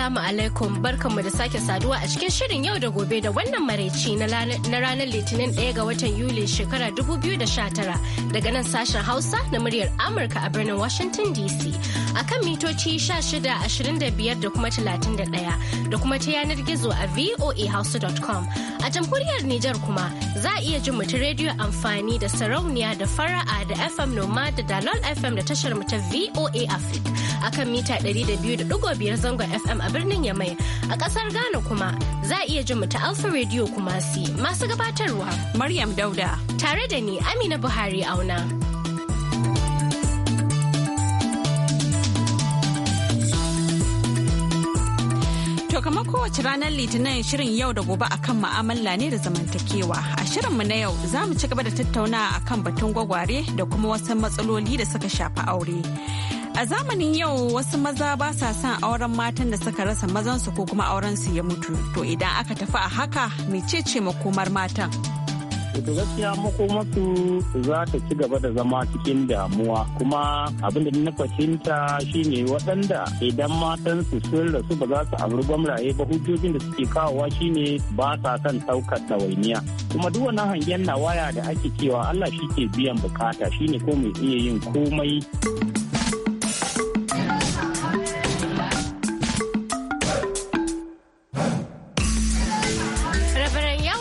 Assalamu alaikum barkanmu da sake saduwa a cikin shirin yau da gobe da wannan maraici na ranar litinin ɗaya ga watan Yuli shekara 2019 daga nan sashen Hausa na muryar Amurka a birnin Washington DC a kan mitoci 1625 da kuma 31 da kuma ta yanar gizo a voahouse.com A jamhuriyar Nijar kuma za a iya jin mutu rediyo amfani da sarauniya da fara'a da FM Noma da Dalol FM da tashar mu ta VOA Africa. akan mita 200.5 zangon FM a birnin Yamai. A ƙasar Ghana kuma za a iya ji mu ta Alpha Radio Kumasi masu gabatarwa. Maryam Dauda. Tare da ni Amina Buhari auna. kamar kowace ranar litinin shirin yau da gobe akan ma'amala ne da zamantakewa a shirin mu na yau za mu ci gaba da tattaunawa akan batun gwagware da kuma wasu matsaloli da suka shafi aure A zamanin yau wasu maza ba sa son auren matan da suka rasa mazansu ko kuma auren su ya mutu. To idan aka tafi a haka ce makomar matan? to gaskiya makomarsu za ta ci gaba da zama cikin damuwa kuma abin da na fahimta shine waɗanda idan matansu sun rasu ba za su auri gwamraye ba hujjojin da suke kawowa shine ba sa son ɗaukar ɗawainiya kuma duk wannan hangen na waya da ake cewa Allah shi ke biyan bukata shine ko mai iya yin komai.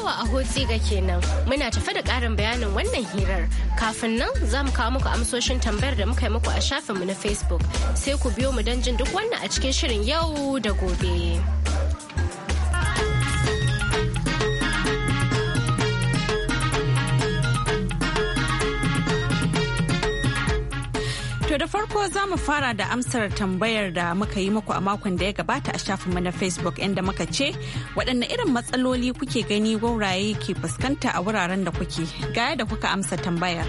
Tawa a hotsi ga kenan muna tafe da ƙarin bayanin wannan hirar kafin nan za mu kawo muku amsoshin tambayar da muka yi muku a shafinmu na Facebook sai ku biyo mu don jin duk wannan a cikin shirin yau da gobe. To da farko za mu fara da amsar tambayar da muka yi muku a makon da ya gabata a shafinmu na Facebook inda muka ce waɗanne irin matsaloli kuke gani gwauraye ke fuskanta a wuraren da kuke gaya da kuka amsa tambayar.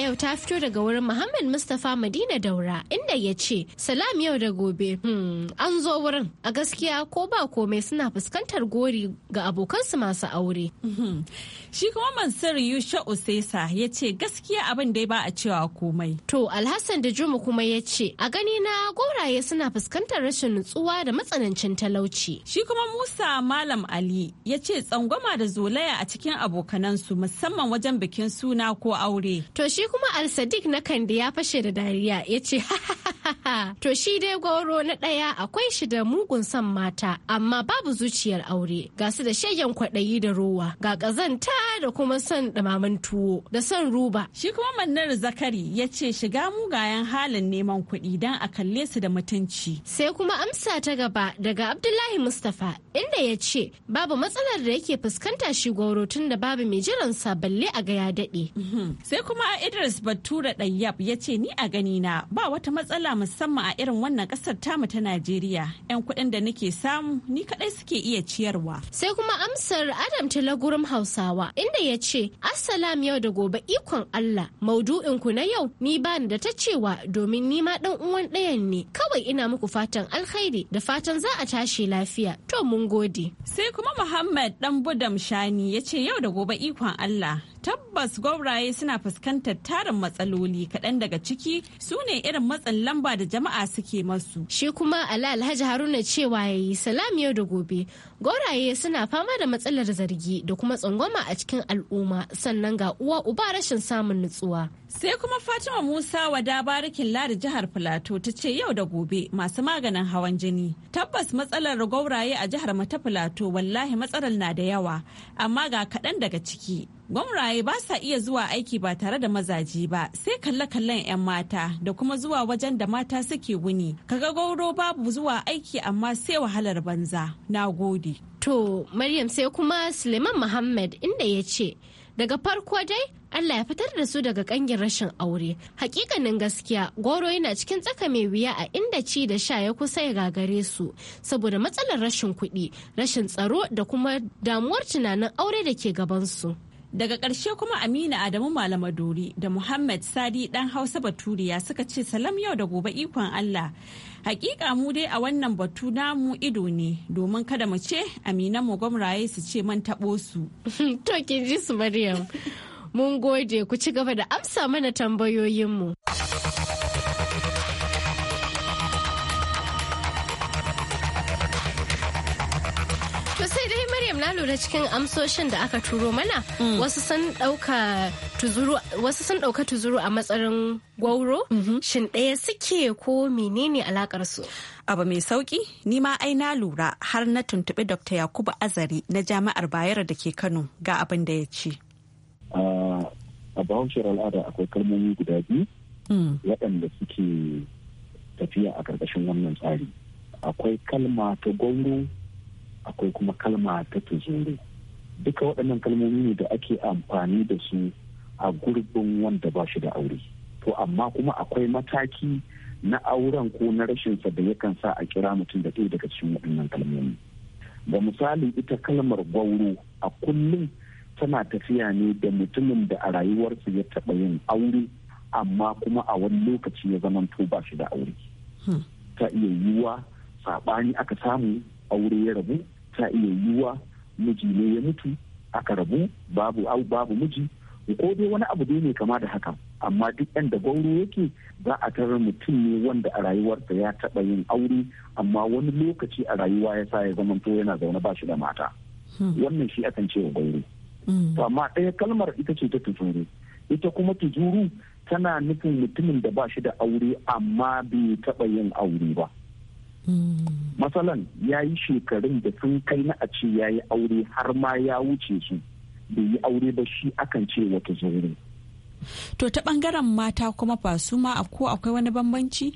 a yau ta fito daga wurin Muhammad Mustapha Madina Daura inda ya ce salam yau da gobe hmm, an zo wurin a gaskiya ko ba komai suna fuskantar gori ga abokansu masu aure. Hmm. Shi kuma Mansur Yusha Usesa ya ce gaskiya abin dai ba a cewa komai. To Alhassan da Juma kuma ya ce a gani na goraye suna fuskantar rashin nutsuwa da matsanancin talauci. Shi kuma Musa Malam Ali ya ce tsangwama da zolaya a cikin abokanansu musamman wajen bikin suna ko aure. To shi kuma al-sadiq na kandi ya fashe da dariya ya ce to shi dai goro na ɗaya akwai shi da mugun son mata amma babu zuciyar aure ga su da shegen kwaɗayi da rowa ga ƙazanta da kuma son ɗumamin tuwo da son ruba. Shi kuma mannar zakari ya ce shiga mugayen halin neman kuɗi don a kalle su da mutunci. Sai kuma amsa ta gaba daga Abdullahi Mustapha inda ya ce babu matsalar da yake fuskanta shi goro tun da babu mai jiran sa balle a ga ya daɗe. Mhm. Sai kuma a Idris Batura Dayyab ya ce ni a ganina ba wata matsala musamman a irin wannan kasar mu ta Najeriya. 'Yan kuɗin da nake samu ni kaɗai suke iya ciyarwa. Sai kuma amsar Adam Talagurum Hausawa inda ya ce Assalam yau da gobe ikon Allah maudu'in ku na yau ni ba da ta cewa domin ni ma ɗan uwan ɗayan ne kawai ina muku fatan alkhairi da fatan za a tashi lafiya to mun gode. Sai kuma Muhammad ɗan Budam Shani ya ce yau da gobe ikon Allah tabbas gwauraye suna fuskantar tarin matsaloli kaɗan daga ciki su ne irin matsin lamba da jama'a suke masu. Shi kuma ali Alhaji Haruna cewa ya yi salam yau da gobe Goraye suna fama da matsalar zargi da kuma tsangwama a cikin al'umma sannan ga uwa uba rashin samun nutsuwa. Sai kuma Fatima Musa wada barikin ladi jihar Filato ta ce yau da gobe masu maganin hawan jini. Tabbas matsalar gauraye a jihar mata Filato wallahi matsalar na da yawa amma ga kaɗan daga ciki. Gwamraye ba sa iya zuwa aiki ba tare da mazaji ba sai kalle-kallen 'yan mata da kuma zuwa wajen da mata suke wuni. Kaga gauro babu zuwa aiki amma sai wahalar banza. Na gode. ciki. To, Maryam sai kuma Suleiman Muhammad inda ya ce, daga farko dai Allah ya fitar da su daga ƙangin rashin aure. Hakikanin gaskiya, goro yana cikin tsaka mai wuya a inda ci da sha ya kusa ya gagare su, saboda matsalar rashin kuɗi, rashin tsaro da kuma damuwar tunanin aure da ke gabansu. Daga ƙarshe kuma Amina Adamu malamaduri da Muhammad Sadi ɗan Hausa Baturiya suka ce salam yau da gobe ikon Allah. Hakika mu dai a wannan batu namu ido ne domin kada mu ce amina mu gwamraye su ce man taɓo su. To ji su Maryam. Mun gode ku ci gaba da amsa mana tambayoyinmu. na lura cikin amsoshin da aka turo mana mm. wasu sun ɗauka tuzuru a matsayin gwauro mm-hmm. shin ɗaya suke ko menene alakar su abu mai sauki ni ma ai na lura har na tuntuɓi dr yakubu azari na jami'ar bayero da ke kano ga abin da ya ce a bahaushen al'ada akwai kalmomi guda biyu mm. waɗanda suke tafiya a ƙarƙashin wannan tsari akwai kalma ta gwauro akwai kuma kalma ta tuzuri duka waɗannan kalmomi ne da ake amfani da su a gurbin wanda ba shi da aure to amma kuma akwai mataki na auren ko na rashinsa da yakan sa a kira mutum da ɗaya daga cikin waɗannan kalmomi ga misali ita kalmar gwauro a kullum tana tafiya ne da mutumin da a rayuwarsa ya taɓa yin aure amma kuma a wani lokaci ya zama to ba shi da aure hmm. ta iya yiwuwa saɓani aka samu aure ya rabu ta iya yiwuwa miji ne ya mutu aka rabu babu au babu miji ko dai wani abu dai ne kama da haka amma duk yan da gauro yake za a tarar mutum ne wanda a rayuwarsa ya taɓa yin aure amma wani lokaci a rayuwa ya sa ya zamanto yana zaune ba shi da mata hmm. wannan shi akan ce wa gauro hmm. to amma ɗaya kalmar ita ce ta tujuru ita kuma tujuru tana nufin mutumin da ba shi da aure amma bai taɓa yin aure ba matsalan ya yi shekarun da sun kai na a ce ya yi aure har ma ya wuce su bai yi aure ba shi akan ce wata zaure. to ta bangaren mata kuma ba su ma ko akwai wani bambanci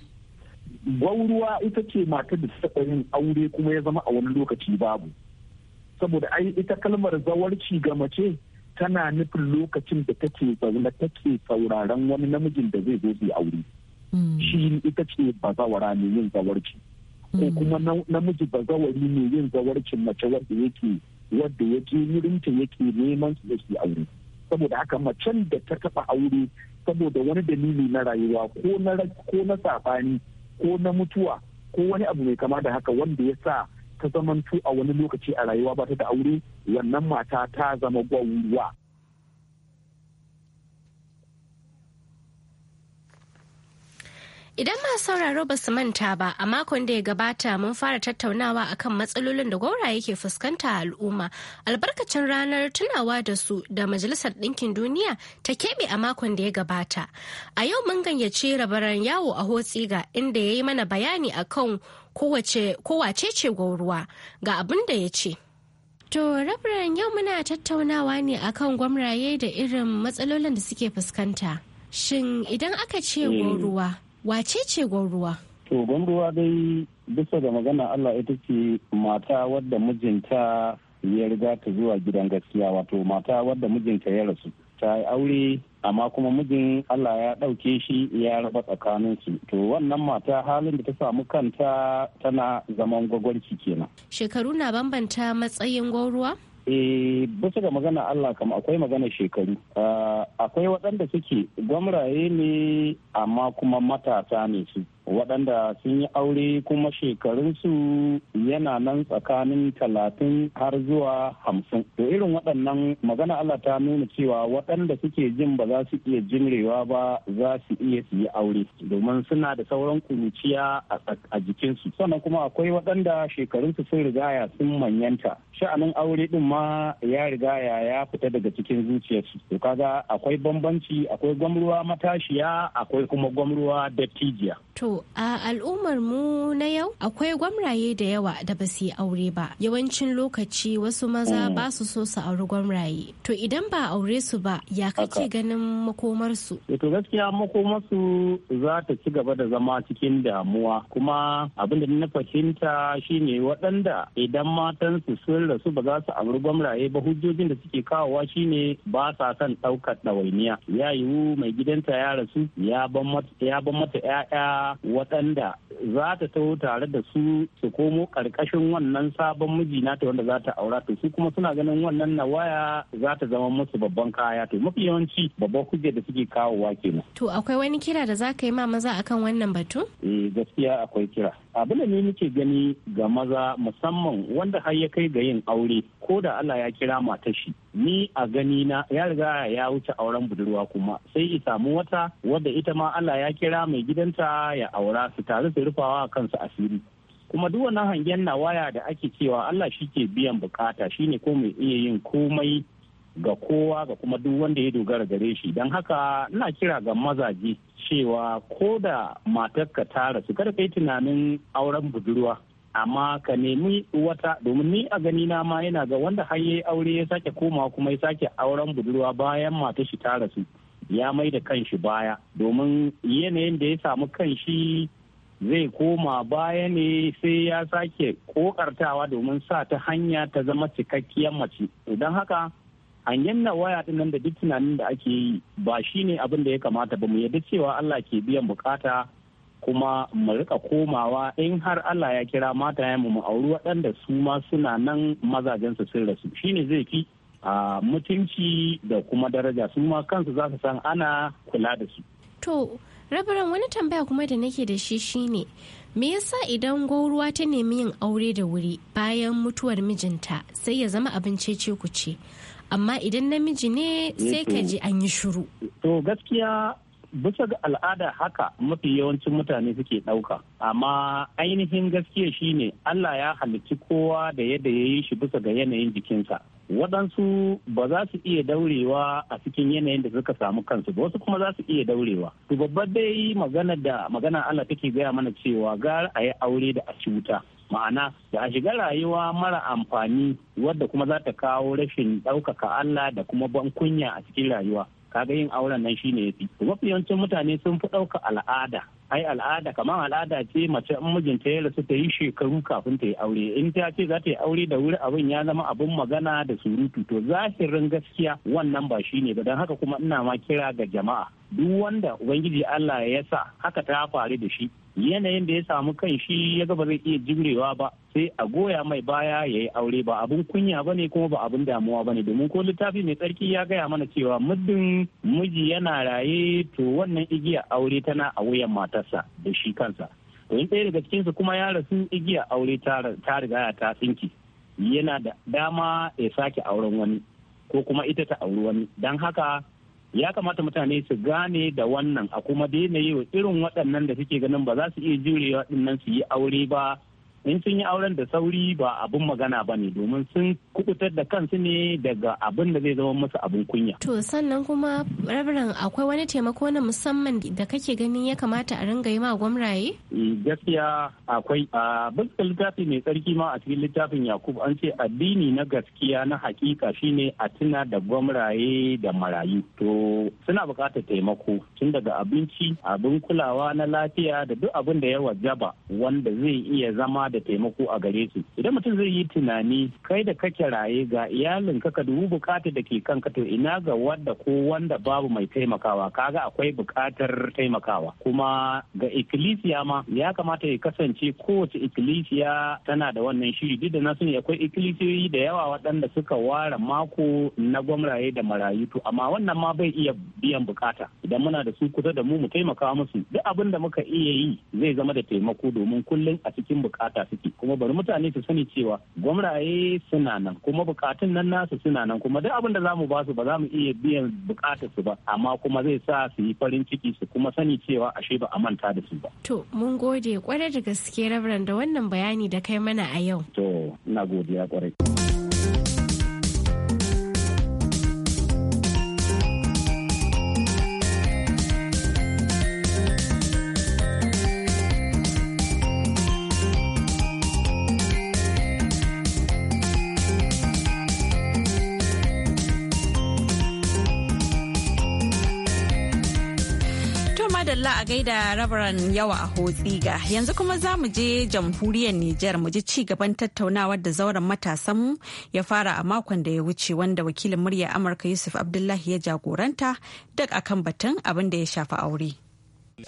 gwauruwa ita ce mata da ta yin aure kuma ya zama a wani lokaci babu saboda ai ita kalmar zawarci ga mace tana nufin lokacin da take zaune take sauraron wani namijin da zai zo su yi aure mm. shi ita ce bazawara ne yin zawarci. ko mm. kuma namiji ba bazawari ne yin zawarcin mace wadda yake wadda yake wurinta yake neman su yake aure saboda haka macen da ta taba aure saboda wani dalili na rayuwa ko na ko na safani ko na mutuwa ko wani abu mai kama da haka wanda ya sa ta zamantu a wani lokaci a rayuwa ba ta da aure wannan mata ta zama gwauwa Idan masu sauraro ba su manta ba a makon da ya gabata mun fara tattaunawa akan matsalolin da gwauraye ke fuskanta a al'umma albarkacin ranar tunawa da su da Majalisar Ɗinkin Duniya ta keɓe a makon da ya gabata. A yau mun gayyaci rabaran yawo a Hotsiga inda ya yi mana bayani akan kowace ce gwauruwa ga abin da ya ce. To rabaran yau muna tattaunawa ne akan gwamraye da irin matsalolin da suke fuskanta. Shin idan aka ce hmm. gwauruwa wace ce gwauruwa? To gwauruwa dai bisa da magana Allah ita ce mata wadda mijinta ya riga ta zuwa gidan gaskiya wato mata wadda mijinta ya rasu ta yi aure amma kuma mijin Allah ya ɗauke shi ya raba tsakanin su to wannan mata halin da ta samu kanta tana zaman gwagwarki kenan shekaru na bambanta matsayin gwauruwa E bisa ga magana Allah kam akwai magana shekaru. Ah, akwai waɗanda suke gwamraye ne amma kuma matasa ne su. waɗanda sun yi aure kuma shekarunsu yana nan tsakanin talatin har zuwa hamsin to irin waɗannan magana Allah ta nuna cewa waɗanda suke jin ba za su iya jimrewa ba za su iya su yi aure domin suna da sauran kuruciya a jikinsu sannan kuma akwai waɗanda shekarunsu sun rigaya sun manyanta sha'anin aure din ma ya rigaya ya fita daga cikin zuciyarsu to kaga akwai bambanci akwai gwamruwa matashiya akwai kuma gwamruwa dattijiya to a al'ummar mu na yau akwai gwamraye da yawa da ba su yi aure ba. Yawancin lokaci wasu maza mm. ba su so su auri gwamraye. To idan ba aure su ba ya kake ganin makomarsu? Eh, to gaskiya makomarsu za ta ci gaba da zama cikin damuwa kuma abin da na fahimta shine waɗanda idan matansu sun rasu ba za su auri gwamraye ba hujjojin da suke kawowa shine ba sa son ɗaukar ɗawainiya. Ya yiwu mai gidanta ya rasu ya ban mata 'ya'ya waɗanda za ta taho tare da su su komo ƙarƙashin wannan sabon miji ta wanda za ta aura to su kuma suna ganin wannan na waya za ta zama musu babban kaya to mafi yawanci babban kuje da suke kawo wake kenan. To akwai wani kira da za ka yi ma maza akan wannan batu? Eh gaskiya akwai kira. Abin da ni nake gani ga maza musamman wanda har ya kai ga yin aure ko da Allah ya kira matar shi ni a gani na ya riga ya wuce auren budurwa kuma sai i samu wata wadda ita ma Allah ya kira mai gidanta ya aura su tare su rufawa a kansu asiri kuma duk wannan hangen na waya da ake cewa Allah shi ke biyan bukata shine ko mai iya yin komai ga kowa ga kuma duk wanda ya dogara gare shi don haka ina kira ga mazaje cewa ko da ka ta rasu kada ka tunanin auren budurwa amma ka nemi wata domin ni a gani na ma yana ga wanda har yayi aure ya sake komawa kuma ya sake auren budurwa bayan matar shi ta rasu ya mai da kanshi baya domin yanayin da ya samu kanshi zai koma baya ne sai ya sake kokartawa domin sa ta hanya ta zama cikakkiyar mace idan haka hanyar na waya din da duk tunanin da ake yi ba shi ne abin da ya kamata ba mu yadda cewa Allah ke biyan bukata kuma mu rika komawa in har Allah ya kira mata ya mu auri waɗanda su ma suna nan mazajensu sun rasu shine zai fi mutunci da kuma daraja su ma kansu za su san ana kula da su. To, rabaran wani tambaya kuma da nake da shi shine me yasa idan gwauruwa ta nemi yin aure da wuri bayan mutuwar mijinta sai ya zama abin cece ce amma idan namiji ne sai ka ji an yi shuru. To gaskiya bisa ga al'ada haka mafi yawancin mutane suke ɗauka amma ainihin gaskiya shine Allah ya halicci kowa da yadda ya yi shi bisa ga yanayin jikinsa waɗansu ba za su iya daurewa a cikin yanayin da suka samu kansu ba wasu kuma za su iya daurewa to babbar dai magana da magana Allah take gaya mana cewa gara a yi aure da a ci wuta ma'ana da a shiga rayuwa mara amfani wadda kuma za ta kawo rashin ɗaukaka Allah da kuma ban kunya a cikin rayuwa kaga yin auren nan shine yafi mafi yawancin mutane sun fi ɗauka al'ada ai al'ada kamar al'ada ce mace in mijinta ya rasu ta yi shekaru kafin ta yi aure in ta ce za ta yi aure da wuri abin ya zama abin magana da surutu to zahirin gaskiya wannan ba shine ba don haka kuma ina ma kira ga jama'a duk wanda ubangiji Allah ya sa haka ta faru da shi yanayin da ya samu kan shi ya ga ba zai iya jurewa ba sai a goya mai baya ya yi aure ba abin kunya ba ne kuma ba abin damuwa ba ne domin ko littafi mai tsarki ya gaya mana cewa muddin miji yana raye to wannan igiya aure tana a wuyan matarsa da shi kansa to in ɗaya daga cikinsu kuma ya rasu igiya aure ta riga ta tsinki yana da dama ya sake auren wani ko kuma ita ta auri wani don haka ya kamata mutane su gane da wannan a kuma da yi wa irin waɗannan da suke ganin ba za su iya jurewa nan su yi aure ba in sun yi auren da sauri ba abin magana ba ne domin sun kubutar da kansu ne daga abin da zai zama masu abin kunya. To sannan kuma rabiran akwai wani taimako na musamman da kake ganin ya kamata a ringa yi ma gwamraye? Eh, gaskiya akwai a bisa littafi mai tsarki ma a cikin littafin Yakubu. an ce addini na gaskiya na hakika shine a tuna da gwamraye da marayu. To suna buƙatar taimako tun daga abinci abin kulawa na lafiya da duk abin da ya wajaba wanda zai iya zama da taimako a gare su idan mutum zai yi tunani kai da kake raye ga iyalin ka dubu bukatar da ke kanka to ina ga wanda ko wanda babu mai taimakawa kaga akwai bukatar taimakawa kuma ga ikkilisiya ma ya kamata ya kasance kowace ikkilisiya tana da wannan shiri duk da na sani akwai ikkilisiyoyi da yawa waɗanda suka ware mako na gwamraye da marayu to amma wannan ma bai iya biyan bukata idan muna da su kusa da mu mu taimaka musu duk abin da muka iya yi zai zama da taimako domin kullum a cikin bukata suke kuma bari mutane su sani cewa gwamnaye suna nan kuma bukatun nan nasu suna nan kuma duk abin da za mu ba su ba za mu iya biyan bukatar su ba amma kuma zai sa su yi farin ciki su kuma sani cewa ashe ba a manta da su ba. To mun gode kwarai da gaske rabran da wannan bayani da kai mana a yau. To ina godiya kwarai. da rabaran yawa a hotsiga yanzu kuma za mu je jamhuriyar Nijar mu ji ci gaban tattaunawar da zauren matasan mu ya fara a makon da ya wuce wanda wakilin murya Amurka Yusuf Abdullahi ya jagoranta duk akan batun abin da ya shafi aure.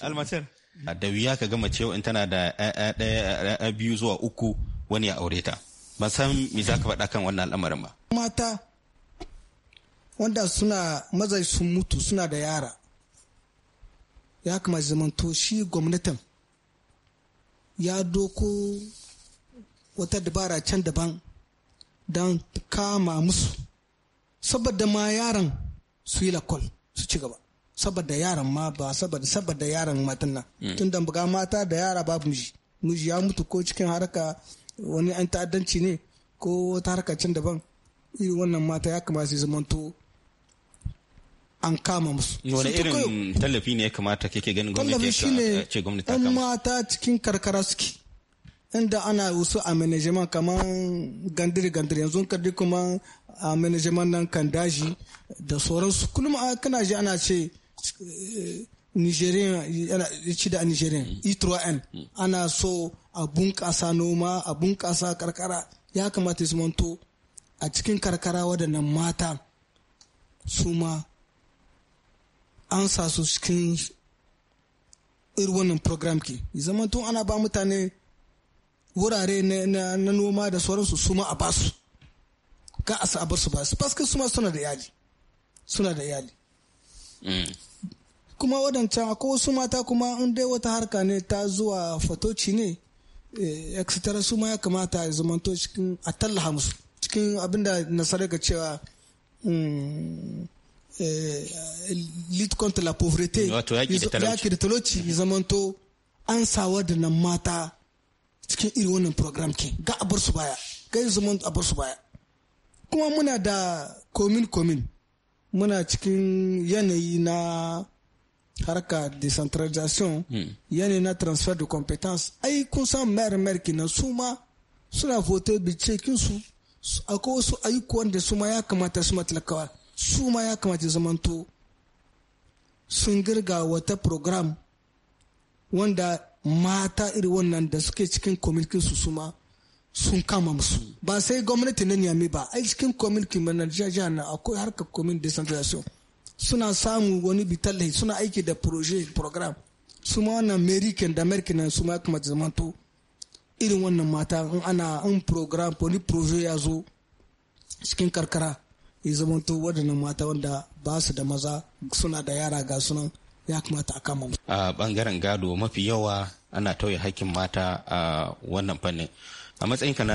Almacer. Da wuya ka gama cewa in tana da ɗaya biyu zuwa uku wani ya aure ta. ban san me za ka faɗa kan wannan al'amarin ba. Mata wanda suna mazai sun mutu suna da yara. ya kamata zamanto shi gwamnatin ya doko wata dabara can daban don kama musu saboda ma yaran su yi lakol su ci gaba saboda yaran ma ba saboda saboda yaran matan nan hmm. tun da buga mata da yara babu miji miji ya mutu ko cikin haraka wani an ta'addanci ne ko wata harka can daban irin wannan mata ya kamata su zamanto an kama musu. Wani irin tallafi ne ya kamata kake ganin gwamnati eh, gwamnati ta kama? mata cikin karkara suke. Inda ana wasu a management kamar gandiri gandiri yanzu kardi kuma a management nan kan daji da sauransu kullum kana ji ana ce eh, Nigerian yana ci da Nigerian mm. E3N mm. ana so a bunƙasa noma a bunƙasa karkara ya kamata su manto a cikin karkara waɗannan mata su ma an sa su cikin irin wannan program ke zama tun ana ba mutane wurare na noma da sauransu su ma a ba su. ka a sa a ba su paske su ma suna da iyali suna da iyali mm. kuma wadancan akwai wasu mata kuma in dai wata harka ne ta zuwa fatoci ne eh, etc su ma ya kamata ya zamanto cikin a tallaha musu cikin abinda nasarar ga cewa mm, Euh, lead contre la poverty wato yaki da talauci hmm. ya zamanto an sawa da mata cikin irin wannan program ke ga a bar su baya ga yanzu mun a bar su baya kuma muna da komin komin muna cikin yanayi na harka decentralization yanayi na transfer de competence ai kun san mayar mayar kenan su ma suna vote bice su akwai wasu ayyuka wanda su ma ya kamata su matalakawa su ma ya kamata zamanto sun girga wata program wanda mata iri wannan da suke cikin kwamitin su suma sun kama musu ba sai gwamnati na niyami ba a cikin kwamitin na jihar na akwai harkar kwamitin decentralization suna samu wani bitallahi suna aiki da proje program su ma wannan american da american su ma ya kamata zamanto irin wannan mata in ana in program wani proje ya zo cikin karkara ya zamanto waɗannan mata wanda ba su da maza suna da yara ga sunan ya kamata a kama a bangaren gado mafi yawa ana tauye hakkin mata a wannan fannin a matsayinka na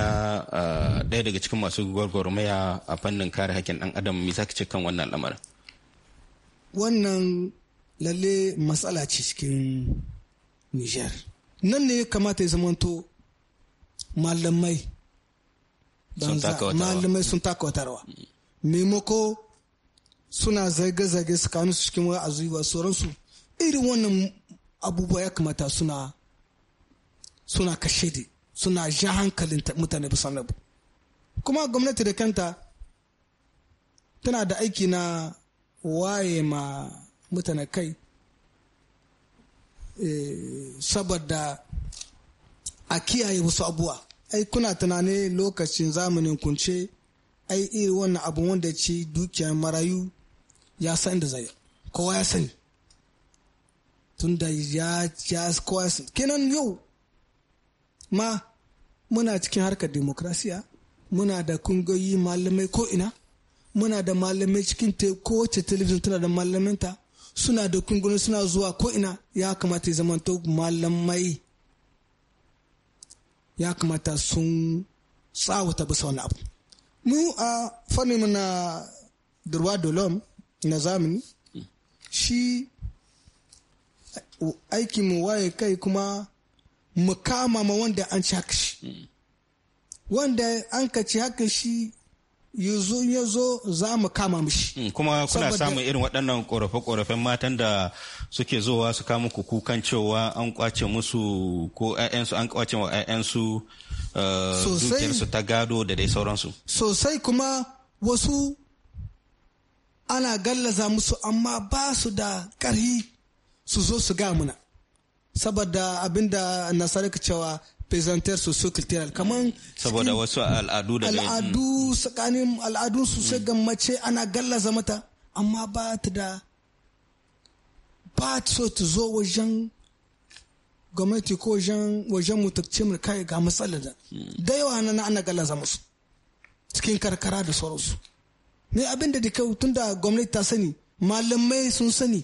ɗaya daga cikin masu gwagwarmaya a fannin kare hakkin ɗan adam me za ka ce kan wannan lamarin wannan lalle matsala ce cikin niger nan ne ya kamata ya zamanto malamai malamai sun taka wata rawa maimako suna zage-zage su kanu su cikin wa'azi ba sauransu irin wannan abubuwa ya kamata suna suna kashe da suna ja hankalin mutane bisa nabu kuma gwamnati da kanta tana da aiki na waye ma mutane kai eh, saboda a kiyaye wasu abuwa ai kuna tunani lokacin zamanin kunce ai irin wannan abin wanda ce dukiyar marayu ya san da zai kowa ya sani tun da ya kowa ya sani kenan yau ma muna cikin harkar demokrasiya muna da kungiyoyi malamai ko ina muna da malamai cikin kowace telebijin tana da malaminta suna da kungiyoyi suna zuwa ko ina ya kamata ya zamanto malamai ya kamata sun tsawata bisa wani abu mu a fannin na durwa dolom na zamani mm. shi aiki mu waye kai kuma mu kama ma wanda an ci haka shi mm. wanda an ka ci haka shi yanzu ya zo za mu kama mishi. Mm, kuma kuna samun irin waɗannan ƙorafe-ƙorafen matan da suke zowa su kama kukan cewa an kwace musu ko 'ya'yansu an kwace wa 'ya'yansu dukiyarsu eh, ta gado da dai sauransu sosai kuma wasu ana gallaza musu amma ba su da ƙarhi su zo su ga muna saboda abinda nasara ka cewa su su cultural kamar saboda wasu al'adu da al'adu tsakanin al'adu su sai ga mace ana gallaza mata amma ba ta da ba so ta zo wajen gwamnati ko wajen mu kai ga matsala da da yawa na ana gallaza musu cikin karkara da sauransu ne abinda da kai tun gwamnati ta sani malamai sun sani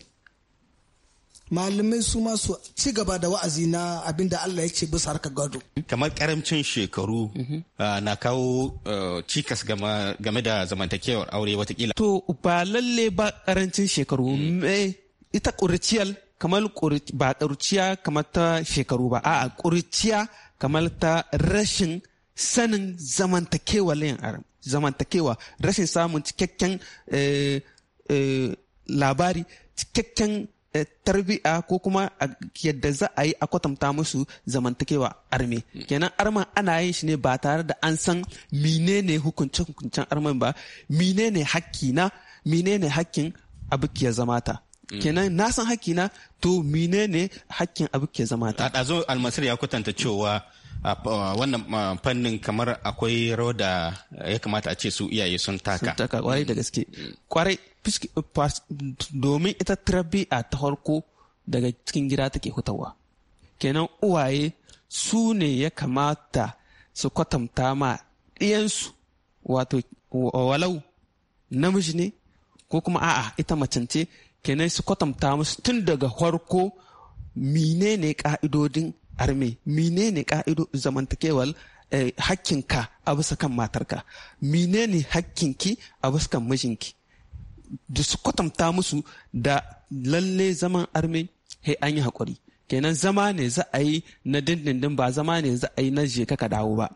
malamai su ma su ci gaba da wa'azi na abinda Allah ya ce bisa harkar gado. Kamar karamcin shekaru mhm. ah, na kawo ah, cikas game da zamantakewar aure watakila. To ba lalle ba karancin shekaru mm. ita ƙuriciyar kamar ba ƙurciya kamar ta shekaru ba a'a ƙurciya kamar ta rashin sanin zamantakewa layin aram zamantakewa rashin samun cikakken eh, eh, labari cikakken eh, tarbi'a ko kuma yadda za a yi a kwatanta musu zamantakewa arme kenan arman ana yin shi ne ba tare da an san menene hukuncin hukuncin arman ba menene hakki na menene hakkin abu ya zama ta Mm. kenan na san hakkina to mine ne hakkin abu ke zama ta a zo almasir ya kwatanta cewa wannan fannin kamar akwai rawar da ya kamata a ce su iyaye sun taka sun taka kwarai da mm. gaske kwarai domin ita tarbiyya ta farko daga cikin gida take hutawa kenan uwaye su ne ya kamata su kwatanta ma ɗiyansu wato walau namiji ne ko kuma a'a ita macen kenan su kwatanta musu tun daga farko menene ka'idodin arme menene ka'ido zamantakewar eh, hakkinka a bisa kan matarka menene hakkinki a bisa kan mijinki da su kwatanta musu da lalle zaman arme he an yi haƙuri kenan zama ne za a yi na dindindin ba zama ne za a yi na je ka dawo ba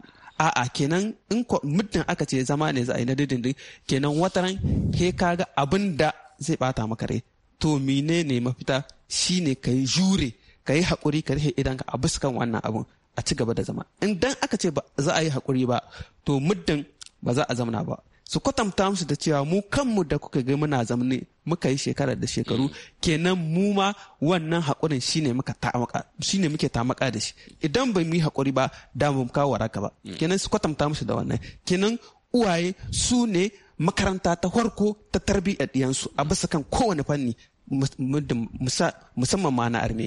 a'a kenan in muddin aka ce zama ne za a yi na dindindin kenan wataran he kaga abin da zai bata maka rai to mine ne mafita shine ka yi jure ka yi haƙuri ka rufe ka a biskan wannan abun a ci gaba da zama in dan aka ce ba za a yi haƙuri ba to muddin ba za a zamana ba su kwatanta musu da cewa mu kanmu da kuka ga muna zamani muka yi shekara da shekaru kenan mu ma wannan haƙurin shine muka tamaka shine muke ta'amaka da shi idan bai mu yi haƙuri ba da mu kawo waraka ba mm. kenan su kwatanta musu da wannan kenan uwaye su ne makaranta ta farko ta tarbiyyar ɗiyansu a bisa kan kowane fanni musamman ma na arme.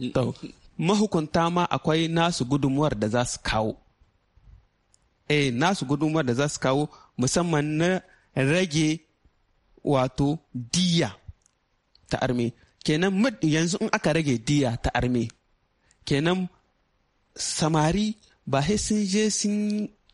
Mm. mahukunta ma akwai nasu gudunmuwar da za su kawo. Eh nasu gudunmuwar da za su kawo musamman na rage wato diya ta arme. Kenan yanzu in aka rage diya ta arme. Kenan samari ba sai sun je sun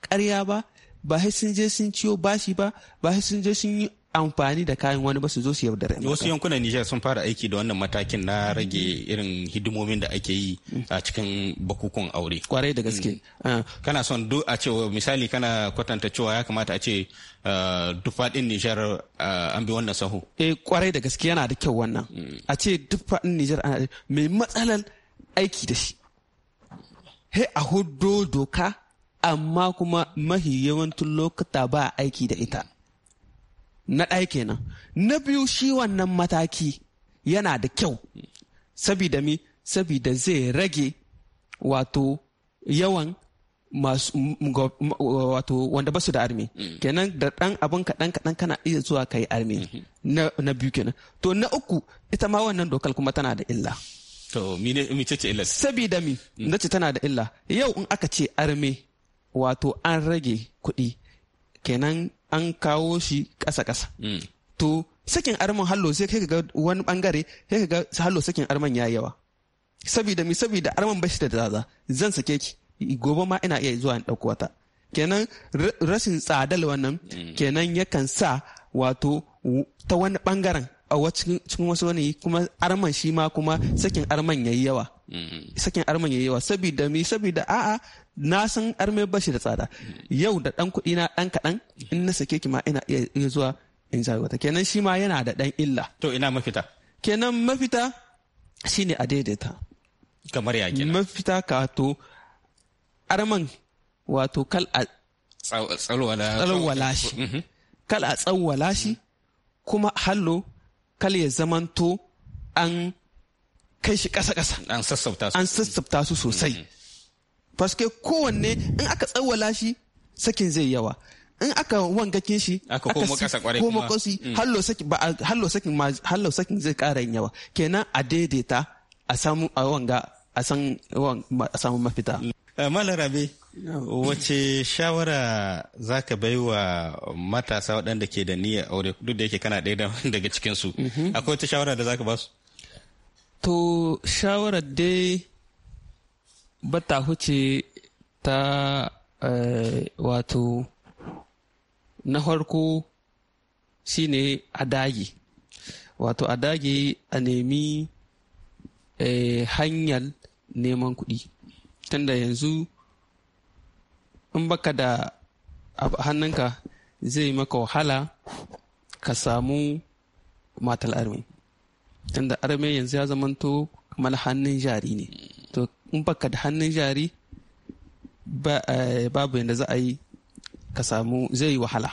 karya ba ba sai sun je sun ciyo bashi ba ba sai sun je sun yi amfani da kayan wani ba su zo su yarda da wasu yankunan Nijar sun fara aiki da wannan matakin na rage irin hidimomin da ake yi a cikin bakukun aure kwarai da gaske mm. ah. kana son duk a cewa misali kana kwatanta cewa ya kamata a ce ah, duk faɗin Nijar ah, an bi wannan sahu eh kwarai da gaske yana da kyau wannan mm. a ce duk faɗin Nijar ana mai matsalan aiki da shi he a hudo doka amma kuma mahi yawancin lokuta ba aiki da ita na ɗaya kenan na biyu shi wannan mataki yana da kyau sabida mi sabida zai rage wato yawan masu wato wanda basu da armi mm. kenan da ɗan abin kaɗan kaɗan kana iya zuwa kai armi mm-hmm. na biyu kenan to na uku ita ma wannan dokar kuma tana da illa to mine mm. ce illa sabida mi nace tana da illa yau in aka ce armi. wato an rage kuɗi kenan an kawo shi ƙasa-ƙasa mm. to sakin arman hallo sai kai ga wani bangare sai ga hallo sakin arman ya yawa saboda mi saboda arman bashi da zaza zan sake ki gobe ma ina iya zuwa in ɗauko wata kenan rashin tsadal wannan mm. kenan yakan sa wato ta wani bangaren a cikin wasu wani kuma arman shi ma kuma sakin arman yi yawa mm. sakin arman ya yawa saboda mi saboda a'a na san arme bashi da tsada yau da dan kuɗi na dan kaɗan in na sake ki ma ina iya zuwa in wata kenan shi ma yana da dan illa to ina mafita kenan mafita shine a daidaita kamar ya kenan mafita ka to arman wato kal a tsawwala shi mhm. kal a tsawwala shi kuma hallo kal ya zamanto an kai shi kasa kasa an sassauta su sosai mhm. Faske kowanne in aka tsawwala shi sakin zai yawa in aka wangakin shi aka komo mm. hallo sakin hallo sakin zai kara yin yawa kenan a daidaita a samu a wanga a samu mafita eh, Rabe, wace shawara za ka bai wa matasa waɗanda ke da niyyar aure duk da yake kana ɗaya daga cikinsu mhm. akwai wata shawara da za ka ba su to shawara dai bata huce ta eh, wato na farko shine a dage. wato a dage a nemi eh, hanyar neman kuɗi tunda yanzu in baka da hannunka zai maka wahala ka samu matal armi tunda arme yanzu ya zamanto kamar hannun jari ne in baka da hannun jari eh, babu yadda za a yi ka samu zai yi wahala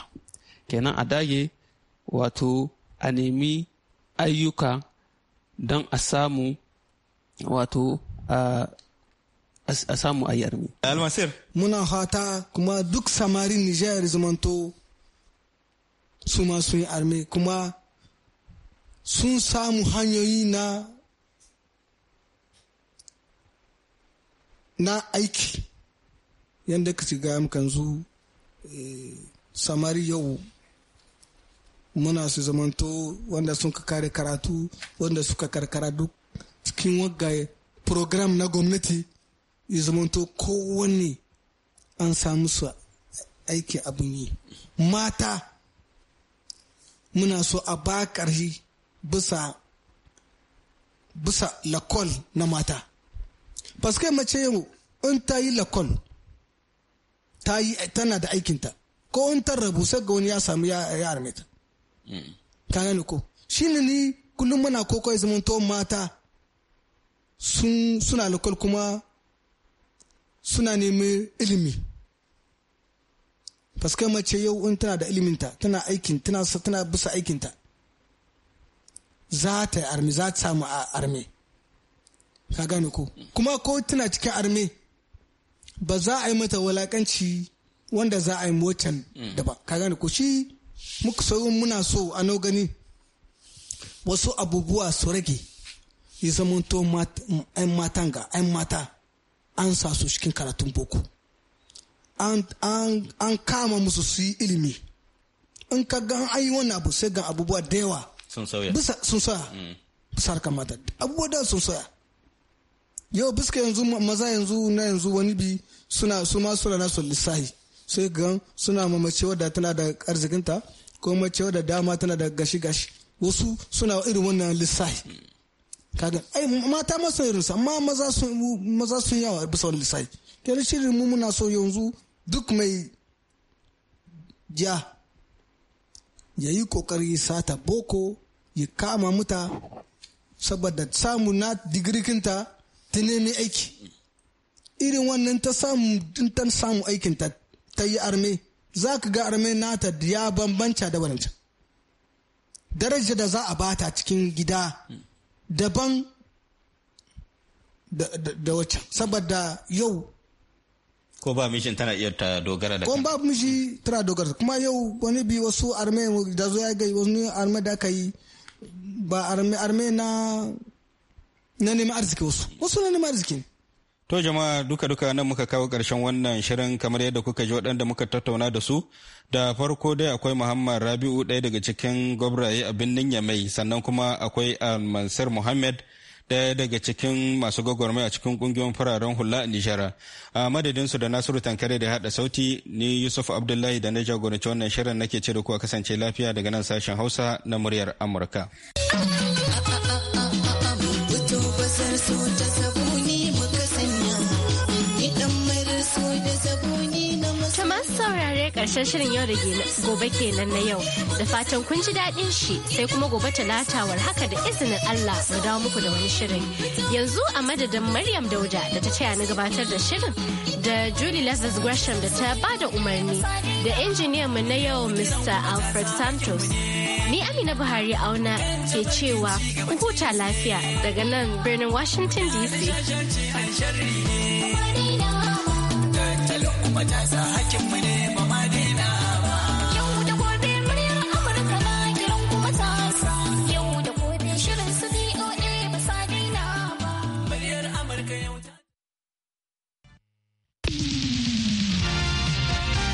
kenan a dage wato a nemi ayyuka don a samu wato a a samu ayyar yi armi. Almasir. Muna fata kuma duk samarin Nijar zamanto su ma sun yi armi kuma sun samu hanyoyi na na aiki yadda ka shiga zu, eh, samari yau muna su zamanto wanda sun ka kare karatu wanda suka karkara duk cikin wagaye. program na gwamnati ya zamanto kowanne an samu su aiki abin yi mata muna so a ba ƙarfi bisa bisa lakol na mata parce que mace in ta yi lakon ta yi tana da aikinta ko in ta rabu sai ga wani ya samu ya arme ta hmm. ka gane ko ne ni kullum muna koko ya zamanto mata sun suna lakon kuma suna neman ilimi parce que mace yau in tana da iliminta tana aikin tana tana bisa aikinta za ta yi arme za ta samu arme ka gane ko kuma ko tana cikin arme ba za a yi mata walakanci wanda za a yi motan da ba ka gane ko shi muka sauyin muna so a nau gani wasu abubuwa su rage zaman to ayin matan ga ayin mata an sa su cikin karatun boko an kama musu su yi ilimi in ka gan an yi wani abu sai ga abubuwa da yawa sun sauya bisa sun sauya mm. bisa harkar mata abubuwa da sun sauya yau fuska yanzu maza yanzu na yanzu wani bi suna su ma suna nasu lissahi sai gan suna mamace wadda tana da arzikinta ko mace wadda dama tana da gashi gashi wasu suna irin wannan lissahi kaga ai mata masu irin sa amma maza sun maza sun yawa bisa wannan lissahi kenan shirin mu muna so yanzu duk mai ja ya yi kokari sata boko ya kama muta saboda samu na digirikinta ta nemi aiki irin wannan ta samu dintan samu aikin ta ta yi arme za ka ga arme nata ya bambanta da wancan daraja da za a bata cikin gida daban da wacce saboda yau ko ba mishin tana iya ta dogara da ko ba mishi tana dogara kuma yau wani bi wasu arme da zo ya gai wani arme da ka yi ba arme arme na na neman arziki wasu wasu na neman arziki To jama'a duka-duka nan muka kawo karshen wannan shirin kamar yadda kuka ji waɗanda muka tattauna da su. Da farko dai akwai Muhammad Rabi'u ɗaya daga cikin gwabraye a birnin Yamai sannan kuma akwai almansir Muhammad ɗaya daga cikin masu gwagwarmai a cikin ƙungiyoyin fararen hula a Nijara. A madadin da Nasiru Tankare da haɗa sauti ni Yusuf Abdullahi da na jagoranci wannan shirin nake ce da ku a kasance lafiya daga nan sashen Hausa na muryar Amurka. karshen shirin yau da gobe kenan na yau da fatan kun ji daɗin shi sai kuma gobe talatawar haka da izinin Allah mu dawo muku da wani shirin yanzu a madadin Maryam Dauda da ta taya ni gabatar da shirin da Julie Lazarus Gresham da ta ba da umarni da injiniyan mu na yau Mr. Alfred Santos ni Amina Buhari auna ke cewa ku huta lafiya daga nan birnin Washington DC hakinmu ne